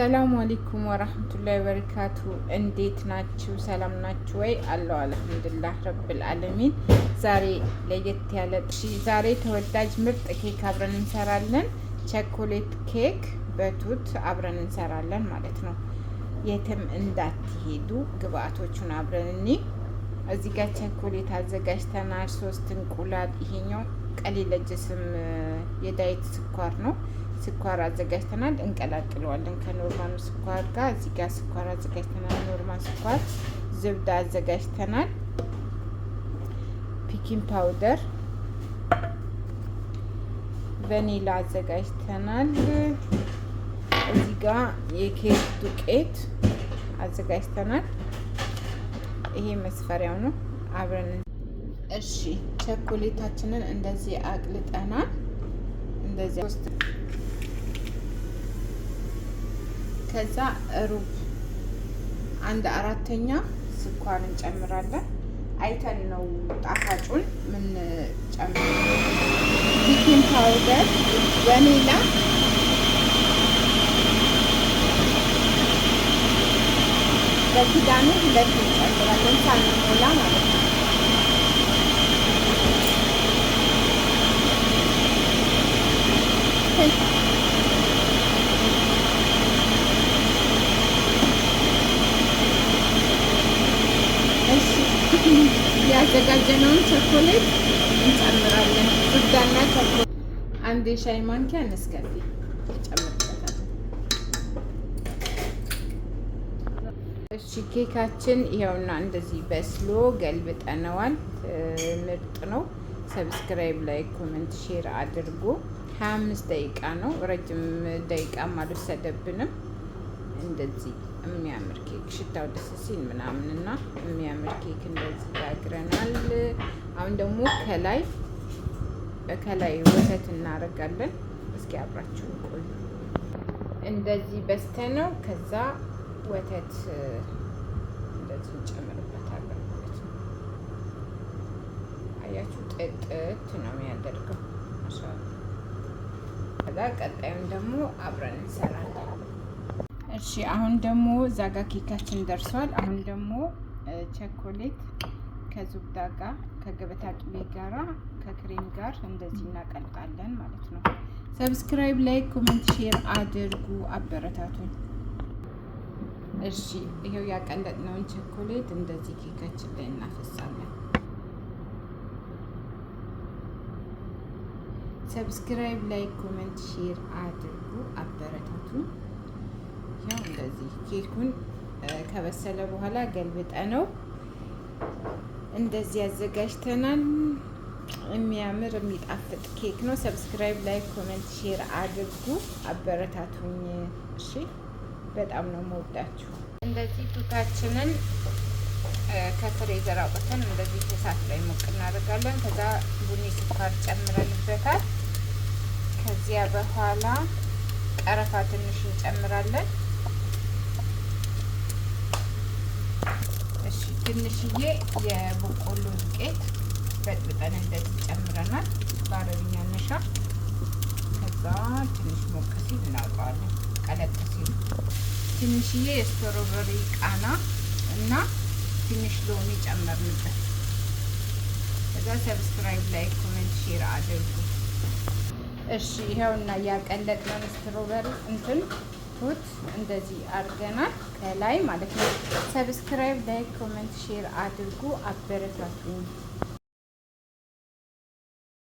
ሰላም አለይኩም ወራህመቱላሂ ወበረካቱ። እንዴት ናችሁ? ሰላም ናችሁ ወይ? አለው አልሐምዱሊላህ ረብል አለሚን። ዛሬ ለየት ያለ ዛሬ ተወዳጅ ምርጥ ኬክ አብረን እንሰራለን። ቸኮሌት ኬክ በቱት አብረን እንሰራለን ማለት ነው። የትም እንዳትሄዱ ግብአቶቹን አብረን እኒ እዚህ ጋር ቸኮሌት አዘጋጅተናል። ሶስት እንቁላል። ይሄኛው ቀሊል ለጅስም የዳይት ስኳር ነው ስኳር አዘጋጅተናል። እንቀላቅለዋለን ከኖርማኑ ስኳር ጋር። እዚህ ጋር ስኳር አዘጋጅተናል፣ ኖርማል ስኳር፣ ዝብዳ አዘጋጅተናል፣ ፒኪን ፓውደር፣ ቫኒላ አዘጋጅተናል። እዚህ ጋር የኬክ ዱቄት አዘጋጅተናል። ይሄ መስፈሪያው ነው። አብረን እሺ፣ ቸኮሌታችንን እንደዚህ አቅልጠናል። እንደዚህ ከዛ ሩብ አንድ አራተኛ ስኳር እንጨምራለን። አይተን ነው ጣፋጩን ምን ጨምር። ቢኪን ፓውደር ቫኒላ በኪዳኑ ሁለት እንጨምራለን ሳንሞላ ማለት ነው። Thank ያዘጋጀነውን ቸኮሌት እንጨምራለን። ሱዳና ቸኮሌት አንድ የሻይ ማንኪያ ነስካፌ እሺ ኬካችን ይኸውና እንደዚህ በስሎ ገልብጠነዋል። ምርጥ ነው። ሰብስክራይብ፣ ላይ ኮመንት፣ ሼር አድርጎ 25 ደቂቃ ነው። ረጅም ደቂቃም አልወሰደብንም እንደዚህ የሚያምር ኬክ ሽታው ደስ ሲል ምናምን እና የሚያምር ኬክ እንደዚህ ጋግረናል። አሁን ደግሞ ከላይ ከላይ ወተት እናደርጋለን። እስኪ አብራችሁ ቆዩ። እንደዚህ በስተ ነው። ከዛ ወተት እንደዚህ እንጨምርበታለን ማለት ነው። አያችሁ ጥጥት ነው የሚያደርገው። ከዛ ቀጣዩን ደግሞ አብረን እንሰራለን። እሺ አሁን ደግሞ እዛ ኬካችን ደርሷል። አሁን ደግሞ ቸኮሌት ከዙብዳ ጋር ከገበታ ቅቤ ጋራ ከክሬም ጋር እንደዚህ እናቀልጣለን ማለት ነው። ሰብስክራይብ፣ ላይክ፣ ኮሜንት፣ ሼር አድርጉ አበረታቱን። እሺ ይሄው ያቀለጥነውን ቸኮሌት እንደዚህ ኬካችን ላይ እናፈሳለን። ሰብስክራይብ፣ ላይክ፣ ኮሜንት፣ ሼር አድርጉ አበረታቱን። እንደዚህ ኬኩን ከበሰለ በኋላ ገልብጠ ነው እንደዚህ አዘጋጅተናል። የሚያምር የሚጣፍጥ ኬክ ነው። ሰብስክራይብ፣ ላይክ፣ ኮመንት፣ ሼር አድርጉ፣ አበረታቱኝ። እሺ፣ በጣም ነው መወዳችሁ። እንደዚህ ቱታችንን ከፍሬዘር አውጥተን እንደዚህ እሳት ላይ ሞቅ እናደርጋለን። ከዛ ቡኒ ስኳር ጨምረንበታል። ከዚያ በኋላ ቀረፋ ትንሽ እንጨምራለን። ትንሽዬ የበቆሎ ዱቄት በጥብጠን እንደዚህ ጨምረናል። በአረብኛ ነሻ። ከዛ ትንሽ ሞቅ ሲል እናውቀዋለን። ቀለጥ ሲል ትንሽዬ የስትሮበሪ ቃና እና ትንሽ ሎሚ ጨመርንበት። ከዛ ሰብስክራይብ፣ ላይክ፣ ኮሜንት፣ ሼር አድርጉ። እሺ ይኸውና ያቀለጥነው ስትሮበሪ እንትን ፉት እንደዚህ አድርገናል ከላይ ማለት ነው። ሰብስክራይብ፣ ላይክ፣ ኮመንት፣ ሼር አድርጉ። አበረታቱኝ።